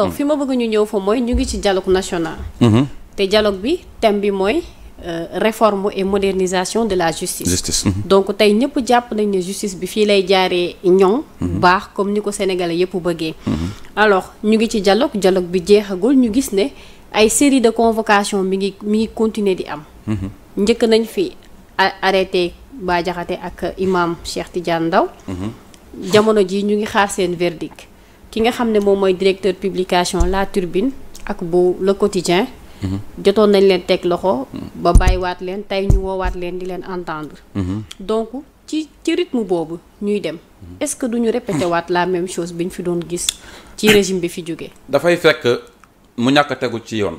donc fi ma bëgg ñu ñëw fa mooy ñu ngi ci dialogue national. Mm-hmm. te dialogue bi thème bi mooy euh, réforme et modernisation de la justice. Mm-hmm. donc tey ñëpp jàpp nañ ne justice bi fii lay jaaree ñoŋ. Mm-hmm. baax comme ni ko sénégalais yëpp bëggee. alors ñu ngi ci dialogue jaloog bi jeexagul ñu gis ne ay série de convocation mi ngi mi ngi continuer di am. njëkk nañ fi arrêté Bah Diakhaté ak imam Cheikh Tidiane Ndao jamono jii ñu ngi xaar seen verdict. ki nga xam ne moom mooy directeur publication La Turbine ak bu Le Quotidien mhm. jotoon nañ leen teg loxo ba bàyyiwaat leen tey ñu woowaat leen di leen entendre mhm. donc ci ci rythme boobu ñuy dem mhm. est-ce que duñu répété waat la même chose bi ñu fi doon gis ci régime bi fi jógee dafay fekk mu ñàkk tegu ci yoon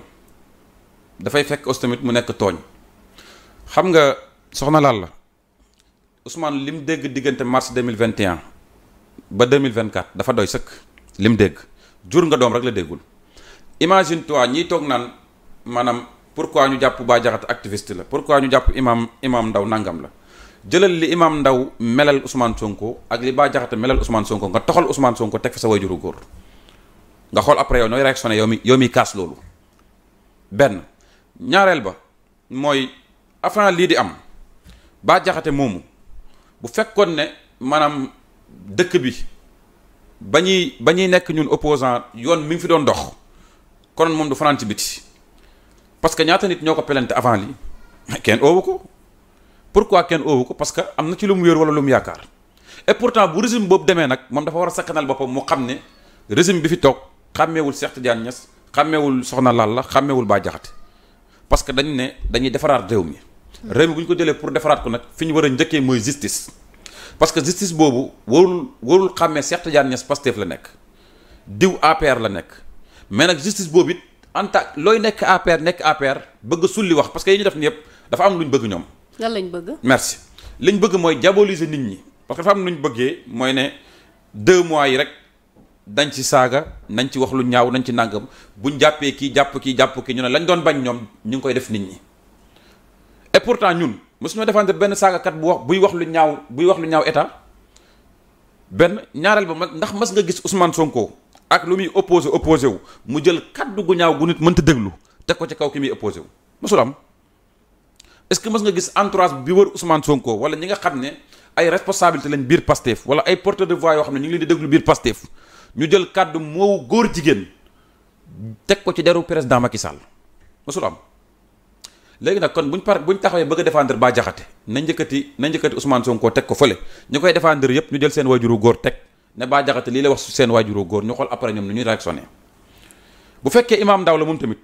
dafay fekk aussi mu nekk tooñ xam nga soxna laal la Ousmane li mu dégg diggante mars 2021 ba 2024 dafa doy sëkk li mu dégg jur nga doom rek la déggul imagine toi ñiy toog naan maanaam pourquoi ñu jàpp Bah Diakhaté activiste la pourquoi ñu jàpp imam imaam Ndaw nangam la jëlal li imaam Ndaw melal Ousmane Sonko ak li Bah Diakhaté melal Ousmane Sonko nga toxal Ousmane Sonko teg fa sa wajuru góor nga xool après yow nooy réactionné yow mi yow mi kaas loolu benn ñaareel ba mooy avant lii di am Bah Diakhaté moomu bu fekkoon ne maanaam dëkk bi ba ñuy ba ñuy nekk ñun opposant yoon mi ngi fi doon dox konoon moom du fanaan ci biti parce que ñaata nit ñoo ko pelante avant li kenn oowu ko pour pourquoi kenn oowu ko parce que am na ci lu mu wéer wala lu mu yaakaar et pourtant bu régime boobu demee nag moom dafa war a sakkanal boppam mu xam ne régime bi fi toog xàmmeewul Cheikh Tidiane ñas xàmmeewul Soxna laal xàmmeewul Bah Diakhaté parce que dañ ne dañuy defaraat réew mi réew mi bu ñu ko jëlee pour defaraat ko nag fi ñu war a njëkkee mooy justice parce que justice boobu warul warul xàmmee Cheikh Tidiane Niass Pastef la nekk diw APR la nekk mais nag justice boobu it en looy nekk APR nekk APR bëgg a sulli wax parce que yi ñu def ni yëpp dafa am lu ñu bëgg ñoom. lan lañ bëgg. merci li ñu bëgg mooy diaboliser nit ñi parce que am lu ñu bëggee mooy ne deux mois yi rek dañ ci saaga nañ ci wax lu ñaaw nañ ci nàngam buñ jàppee kii jàpp kii jàpp kii ñu ne lañ doon bañ ñoom ñu ngi koy def nit ñi et pourtant ñun. mosuñoo défendre benn saagakat bu wax buy wax lu ñaaw buy wax lu ñaaw état benn ñaareel ba mag ndax mas nga gis Ousmane Sonko ak lu muy opposé opposé wu mu jël kaddu gu ñaaw gu nit mënta déglu teg ko ci kaw ki muy opposé wu mosul am est-ce que mas nga gis entourage bi wër Ousmane Sonko wala ñi nga xam ne ay responsabilité lañ biir Pastef wala ay porteurs de voix yoo xam ne ñu ngi leen di déglu biir Pastef ñu jël kaddu moo góor jigéen teg ko ci deru président Macky Sall mosul am. léegi nag kon buñ par buñ taxawee bëgg a défendre Bah Diakhaté na njëkkati na njëkkati Ousmane Sonko teg ko fële ñu koy défendre yépp ñu jël seen waajuru góor teg ne Bah Diakhaté lii la wax seen waajuru góor ñu xool après ñoom nu ñuy réactionné bu fekkee Imam Ndao la moom tamit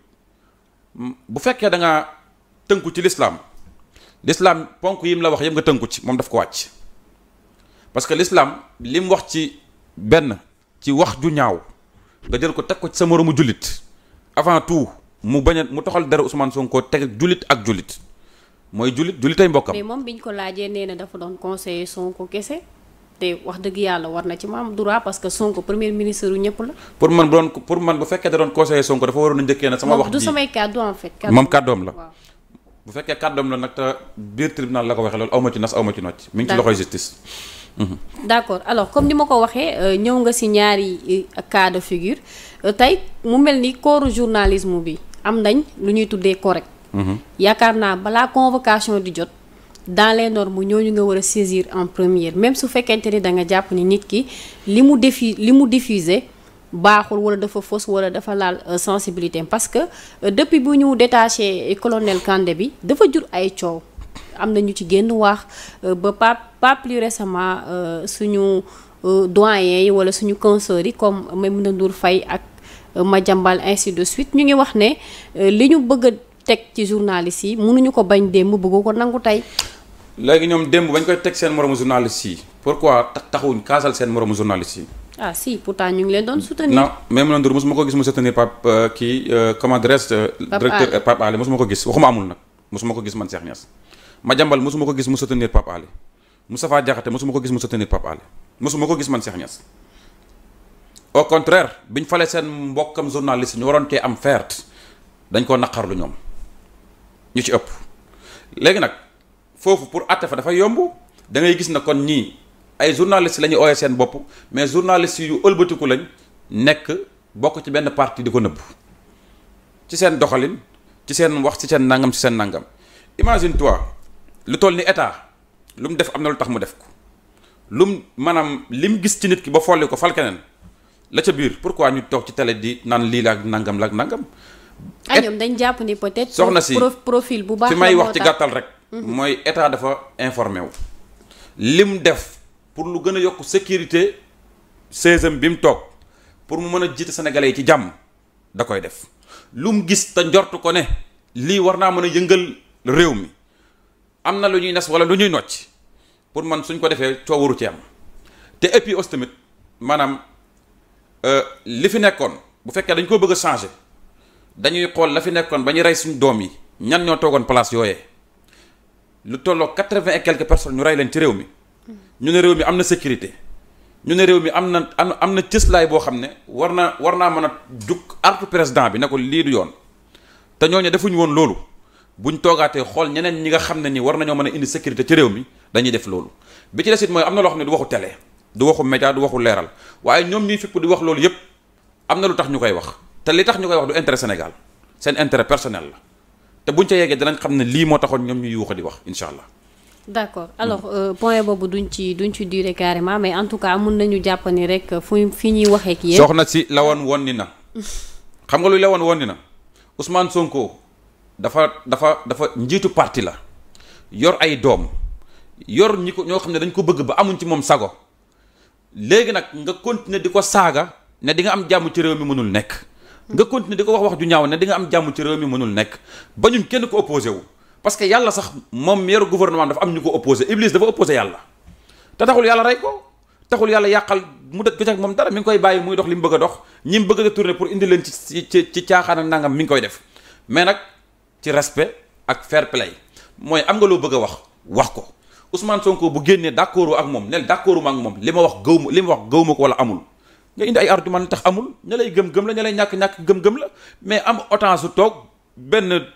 bu fekkee da tënku ci lislaam l'islam ponk yi mu la wax yëpp nga tënku ci moom daf ko wàcc parce que l'islam li wax ci benn ci wax ju ñaaw nga jël ko teg ko ci sa moromu jullit avant tout mu bañ a mu toxal dara Ousmane Sonko teg jullit ak jullit mooy jullit jullitay mbokkam. mais moom biñ ko laajee nee na dafa doon conseiller Sonko kese te wax dëgg yàlla war na ci ma am droit parce que Sonko premier ministre yu ñëpp pour man bu doon pour man bu fekkee da doon conseiller Sonko dafa waroon a njëkkee wax ji du samay kàddu en fait. moom kàddoom la bu fekkee kàddoom la nag te biir tribunal la ko waxee loolu awma ci nas awma ci nocc. mi ngi loxoy justice. Mhm. d' accord comme ni ma ko waxee euh, ñëw nga si ñaari euh, cas de figure euh, tey mu mel ni kooru journalisme bi. am nañ lu ñuy tuddee correct. Mhm. yaakaar naa balaa convocation di jot dans les normes ñooñu nga war a saisir en première même su fekkente ni da nga jàpp ni nit ki li mu defi li mu diffuser baaxul wala dafa fausse wala dafa laal euh, sensibilité parce que euh, depuis bu ñu détaché colonel Kandé bi dafa jur ay coow am na ñu ci génn wax euh, ba pas pas plus récemment suñu doyen yi wala suñu consœurs yi comme mun Maimouna Ndour Faye ak. Madiambal ainsi de suite ñu ngi wax ne euh, li ñu bëgg a teg ci journaliste yi mënuñu ko bañ démb bëgg ko nangu tey. léegi ñoom démb bañ koy teg seen moromu journaliste yi pourquoi taxawuñ kaasal seen moromu journaliste yi. ah si pourtant ñu ngi leen doon soutenir. non même Maimouna Ndour mosuma ko gis mu soutenir Pape euh, kii euh, comment dirais-je. directeur Pape Alé mosuma ko gis waxuma amul nag mosuma ko gis man Cheikh Niass. Madiambal mosuma ko gis mu soutenir Pape Alé Moustapha Diakhaté mosuma ko gis mu soutenir Pape Alé mosuma ko gis man Cheikh Niass. au contraire bi ñu falee seen mbokkam journaliste ñu waroon cee am fert dañ ko naqarlu ñoom ñu ci ëpp léegi nag foofu pour àtte fa dafa yomb dangay gis na kon ñii ay journaliste la ñuy ooyee seen bopp mais journaliste yu ëlbatiku lañ nekk bokk ci benn partie di ko nëbb ci seen doxalin ci seen wax ci seen nangam ci seen nangam imagine toi lu toll ni état lu mu def am na lu tax mu def ko lu mu maanaam lim gis ci nit ki ba folli ko fal keneen la ca biir pourquoi ñu toog ci télé di nan lii laak nangam laak nangam. ah ñoom dañ jàpp ni peut-être. soxna si profil bu baax fi may wax ci gàttal rek. Mhm. mooy état dafa informé wu. lim def pour lu gën a yokk sécurité saison bi mu toog pour mu mën a jiite sénégalais yi ci jàmm da koy def lu gis te njort ko ne lii war naa mën a yëngal réew mi am na lu ñuy nes wala lu ñuy nocc pour man suñ ko defee coow waru ci am te et puis aussi Euh, li fi nekkoon bu fekkee dañ koo bëgg a changer dañuy xool la fi nekkoon ba ñu rey suñu doom yi ñan ñoo toogoon place yooyee lu tolloo quatre-vingt et quelques personnes ñu rey leen ci réew mi ñu ne réew mi am na sécurité ñu ne réew mi am na am na cëslaay boo xam ne war na war naa mën a jug artu président bi ne ko lii du yoon te ñooñu defuñu woon loolu ñu toogaatee xool ñeneen ñi nga xam ne ni war nañoo mën a indi sécurité ci réew mi dañuy def loolu bi ci des it mooy am na loo ne du waxu télé. du waxu média du waxu leeral waaye ñoom ñuy fipp di wax loolu yépp am na lu tax ñu koy wax te li tax ñu koy wax du intérêt Sénégal seen intérêt personnel la te buñ ca yeggee danañ xam ne lii moo taxoon ñoom ñu yuuxa di wax incha allah. d'accord alors euh, point boobu duñ ci duñ ci duré carrément mais en tout cas mun nañu jàppani rek fu fi ñuy waxee ak yéen. na si lawoon woon ni na. xam nga luy lawoon woon ni na Ousmane Sonko dafa dafa dafa njiitu parti la yor ay doom yor ko ñoo xam ne dañ ko bëgg ba amuñ ci moom sago. léegi nag nga continuer di ko saaga ne di nga am jàmm ci réew mi mënul nekk nga continuer di ko wax wax ju ñaaw ne di nga am jàmm ci réew mi mënul nekk ba ñun kenn ko opposé wu parce que yàlla sax moom meeru gouvernement dafa am ñu ko opposé Iblis dafa opposé yàlla te taxul yàlla rey ko taxul yàlla yàqal mu dëkk ak moom dara mi ngi koy bàyyi muy dox li mu bëgg dox ñi mu bëgg a tourner pour indi leen ci ci ci caaxaan ak nangam mi ngi koy def mais nag ci respect ak fair play mooy am nga loo bëgg a wax wax ko Ousmane Sonko bu génnee d'accord ak moom nel d'accord ak moom li ma wax gëw li ma wax gëw ma ko wala amul nga indi ay argument tax amul ña lay gëm-gëm la ña ñàkk-ñàkk gëm-gëm la mais am autant su toog benn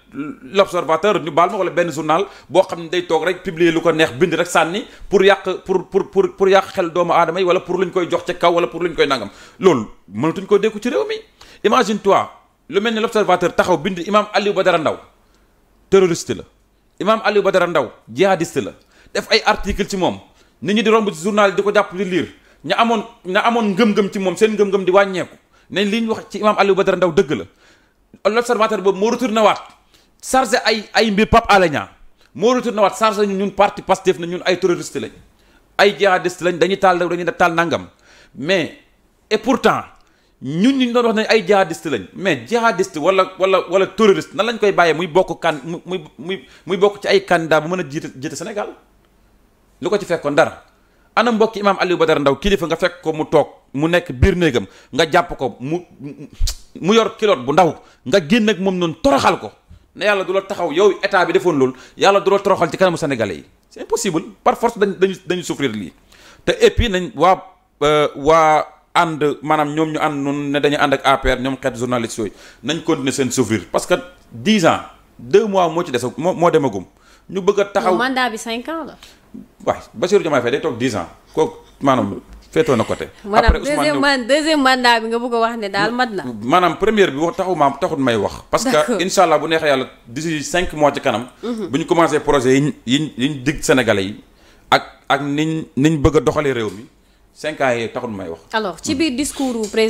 l'observateur ñu baal ma wala benn journal boo xam ne day toog rek publier lu ko neex bind rek sànni pour yàq pour pour pour pour yàq xel doomu aadama yi wala pour lañ koy jox ci kaw wala pour luñ koy nangam loolu mënatuñ ko dékku ci réew mi imagine toi lu mel ni l'observateur taxaw bind imam Aliou Badara Ndaw terroriste la imam Aliou Badara Ndaw jihadiste la def ay article ci moom nit ñi di romb ci journal di ko jàpp di lire ña amoon ña amoon ngëm-ngëm ci moom seen ngëm-ngëm di wàññeeku ne li wax ci imaam Aliou Badara Ndaw dëgg la l'observateur boobu moo na waat chargé ay ay mbir pap Alé Niang moo retourné waat chargé ñu ñun parti Pastef na ñun ay terroriste lañ ay jihadiste lañ dañuy taal dañuy taal nangam mais et temps ñun ñu doon wax ne ay jihadiste lañ mais jihadiste wala wala wala terroriste nan lañ koy bàyyee muy bokk kan muy muy muy bokk ci ay candidat bu mën a jiite jiite Sénégal lu ko ci fekkoon dara ana mbokki imaam Aliou Badara Ndaw kilifa nga fekk ko mu toog mu nekk biir néegam nga jàpp ko mu mu yor kiloot bu ndaw nga génn ak moom noonu toroxal ko ne yàlla du la taxaw yow état bi defoon loolu yàlla du la toroxal ci kanamu sénégalais yi c'est impossible par force dañ dañu dañu souffrir lii te et nañ waa euh, waa ànd maanaam ñoom ñu ànd noonu ne dañu ànd ak APR ñoom xeet journaliste yooyu nañ continuer seen souffrir parce que dix ans deux mois moo ci des moo moo demagum waay Bassirou Diomaye Faye day toog 10 ans kooku maanaam féetoo na côté. après Ousmane maanaam deuxième mandat bi nga bëgg wax ne daal mat na. maanaam première bi taxu ma taxut may wax. parce que incha allah bu neexee yàlla d'ici 5 mois ci kanam. Mhm. bu ñu commencé projet yi ñu yi ñu digg Sénégalais yi ak ak ni niñ bëgg doxalee réew mi 5 ans yi taxut may wax. alors ci biir discours président